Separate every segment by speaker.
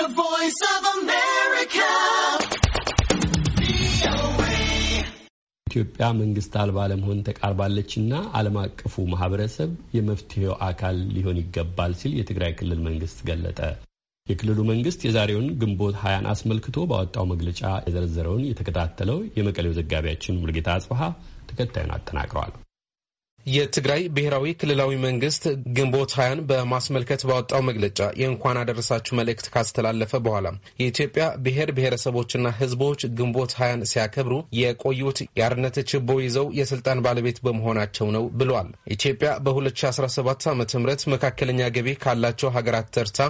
Speaker 1: The Voice of America.
Speaker 2: ኢትዮጵያ መንግስት አልባ ለመሆን ተቃርባለችና ዓለም አቀፉ ማህበረሰብ የመፍትሄው አካል ሊሆን ይገባል ሲል የትግራይ ክልል መንግስት ገለጠ። የክልሉ መንግስት የዛሬውን ግንቦት ሀያን አስመልክቶ ባወጣው መግለጫ የዘረዘረውን የተከታተለው የመቀሌው ዘጋቢያችን ሙልጌታ አጽበሀ ተከታዩን አጠናቅረዋል።
Speaker 1: የትግራይ ብሔራዊ ክልላዊ መንግስት ግንቦት ሀያን በማስመልከት ባወጣው መግለጫ የእንኳን አደረሳችሁ መልእክት ካስተላለፈ በኋላ የኢትዮጵያ ብሔር ብሔረሰቦችና ሕዝቦች ግንቦት ሀያን ሲያከብሩ የቆዩት የአርነት ችቦ ይዘው የስልጣን ባለቤት በመሆናቸው ነው ብሏል። ኢትዮጵያ በ2017 ዓ ም መካከለኛ ገቢ ካላቸው ሀገራት ተርታ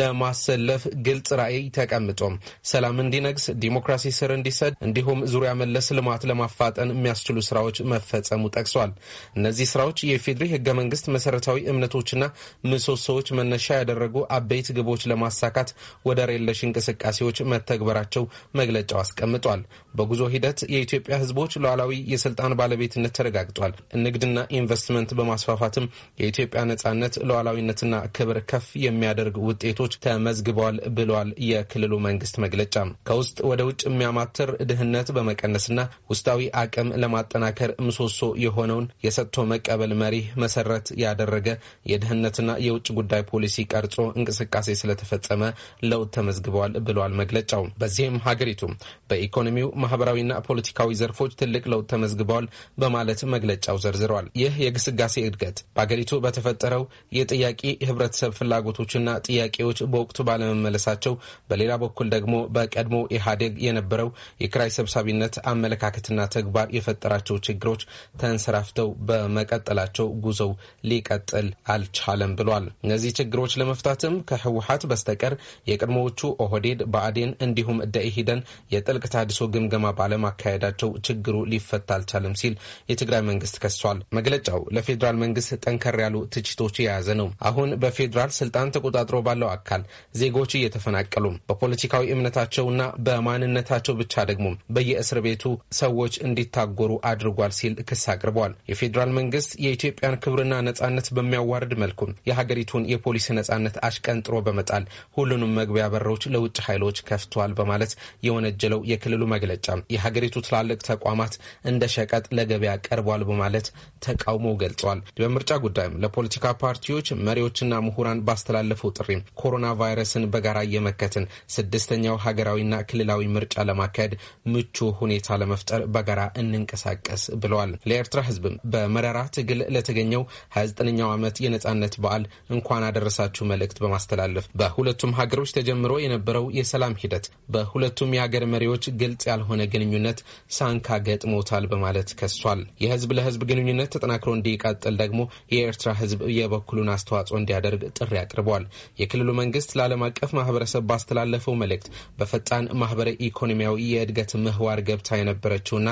Speaker 1: ለማሰለፍ ግልጽ ራዕይ ተቀምጦም ሰላም እንዲነግስ፣ ዲሞክራሲ ስር እንዲሰድ እንዲሁም ዙሪያ መለስ ልማት ለማፋጠን የሚያስችሉ ስራዎች መፈጸሙ ጠቅሷል። እነዚህ ስራዎች የፌዴሬ ህገ መንግስት መሰረታዊ እምነቶችና ምሰሶዎች መነሻ ያደረጉ አበይት ግቦች ለማሳካት ወደር የለሽ እንቅስቃሴዎች መተግበራቸው መግለጫው አስቀምጧል። በጉዞ ሂደት የኢትዮጵያ ህዝቦች ሉዓላዊ የስልጣን ባለቤትነት ተረጋግጧል። ንግድና ኢንቨስትመንት በማስፋፋትም የኢትዮጵያ ነጻነት ሉዓላዊነትና ክብር ከፍ የሚያደርግ ውጤቶች ተመዝግበዋል ብሏል የክልሉ መንግስት መግለጫ። ከውስጥ ወደ ውጭ የሚያማትር ድህነት በመቀነስና ውስጣዊ አቅም ለማጠናከር ምሰሶ የሆነውን የሰጥቶ መቀበል መሪ መሰረት ያደረገ የደህንነትና የውጭ ጉዳይ ፖሊሲ ቀርጾ እንቅስቃሴ ስለተፈጸመ ለውጥ ተመዝግበዋል ብለዋል መግለጫው። በዚህም ሀገሪቱ በኢኮኖሚው ማህበራዊና ፖለቲካዊ ዘርፎች ትልቅ ለውጥ ተመዝግበዋል በማለት መግለጫው ዘርዝረዋል። ይህ የግስጋሴ እድገት በሀገሪቱ በተፈጠረው የጥያቄ ህብረተሰብ ፍላጎቶችና ጥያቄዎች በወቅቱ ባለመመለሳቸው፣ በሌላ በኩል ደግሞ በቀድሞ ኢህአዴግ የነበረው የክራይ ሰብሳቢነት አመለካከትና ተግባር የፈጠራቸው ችግሮች ተንሰራፍተው በ መቀጠላቸው ጉዞው ሊቀጥል አልቻለም ብሏል። እነዚህ ችግሮች ለመፍታትም ከህወሀት በስተቀር የቀድሞዎቹ ኦህዴድ፣ ብአዴን እንዲሁም ደኢሂደን የጥልቅ ተሃድሶ ግምገማ ባለማካሄዳቸው ችግሩ ሊፈታ አልቻለም ሲል የትግራይ መንግስት ከሷል። መግለጫው ለፌዴራል መንግስት ጠንከር ያሉ ትችቶች የያዘ ነው። አሁን በፌዴራል ስልጣን ተቆጣጥሮ ባለው አካል ዜጎች እየተፈናቀሉ በፖለቲካዊ እምነታቸውና በማንነታቸው ብቻ ደግሞ በየእስር ቤቱ ሰዎች እንዲታጎሩ አድርጓል ሲል ክስ አቅርበዋል። የፌዴራል መንግስት የኢትዮጵያን ክብርና ነጻነት በሚያዋርድ መልኩ የሀገሪቱን የፖሊስ ነጻነት አሽቀንጥሮ በመጣል ሁሉንም መግቢያ በሮች ለውጭ ኃይሎች ከፍቷል በማለት የወነጀለው የክልሉ መግለጫ የሀገሪቱ ትላልቅ ተቋማት እንደ ሸቀጥ ለገበያ ቀርቧል በማለት ተቃውሞ ገልጿል። በምርጫ ጉዳይም ለፖለቲካ ፓርቲዎች መሪዎችና ምሁራን ባስተላለፈው ጥሪ ኮሮና ቫይረስን በጋራ እየመከትን ስድስተኛው ሀገራዊና ክልላዊ ምርጫ ለማካሄድ ምቹ ሁኔታ ለመፍጠር በጋራ እንንቀሳቀስ ብለዋል። ለኤርትራ ህዝብም በመራራ በጋራ ትግል ለተገኘው 29ኛው ዓመት የነጻነት በዓል እንኳን አደረሳችሁ መልእክት በማስተላለፍ በሁለቱም ሀገሮች ተጀምሮ የነበረው የሰላም ሂደት በሁለቱም የሀገር መሪዎች ግልጽ ያልሆነ ግንኙነት ሳንካ ገጥሞታል በማለት ከሷል። የህዝብ ለህዝብ ግንኙነት ተጠናክሮ እንዲቀጥል ደግሞ የኤርትራ ህዝብ የበኩሉን አስተዋጽኦ እንዲያደርግ ጥሪ አቅርበዋል። የክልሉ መንግስት ለዓለም አቀፍ ማህበረሰብ ባስተላለፈው መልእክት በፈጣን ማህበረ ኢኮኖሚያዊ የእድገት ምህዋር ገብታ የነበረችውና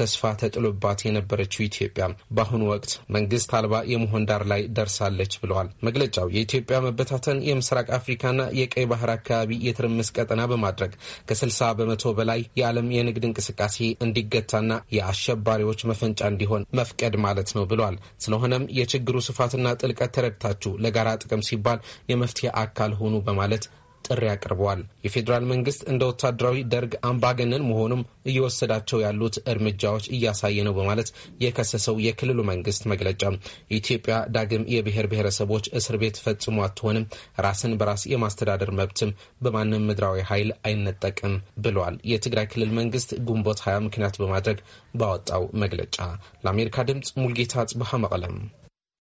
Speaker 1: ተስፋ ተጥሎባት የነበረችው ኢትዮጵያ በአሁኑ ወቅት መንግስት አልባ የመሆን ዳር ላይ ደርሳለች ብለዋል። መግለጫው የኢትዮጵያ መበታተን የምስራቅ አፍሪካና የቀይ ባህር አካባቢ የትርምስ ቀጠና በማድረግ ከ60 በመቶ በላይ የዓለም የንግድ እንቅስቃሴ እንዲገታና የአሸባሪዎች መፈንጫ እንዲሆን መፍቀድ ማለት ነው ብለዋል። ስለሆነም የችግሩ ስፋትና ጥልቀት ተረድታችሁ ለጋራ ጥቅም ሲባል የመፍትሄ አካል ሆኑ በማለት ጥሪ አቅርበዋል። የፌዴራል መንግስት እንደ ወታደራዊ ደርግ አምባገነን መሆኑም እየወሰዳቸው ያሉት እርምጃዎች እያሳየ ነው በማለት የከሰሰው የክልሉ መንግስት መግለጫ ኢትዮጵያ ዳግም የብሔር ብሔረሰቦች እስር ቤት ፈጽሞ አትሆንም፣ ራስን በራስ የማስተዳደር መብትም በማንም ምድራዊ ኃይል አይነጠቅም ብሏል። የትግራይ ክልል መንግስት ግንቦት ሀያ ምክንያት በማድረግ ባወጣው መግለጫ ለአሜሪካ ድምፅ ሙልጌታ ጽብሃ መቀለም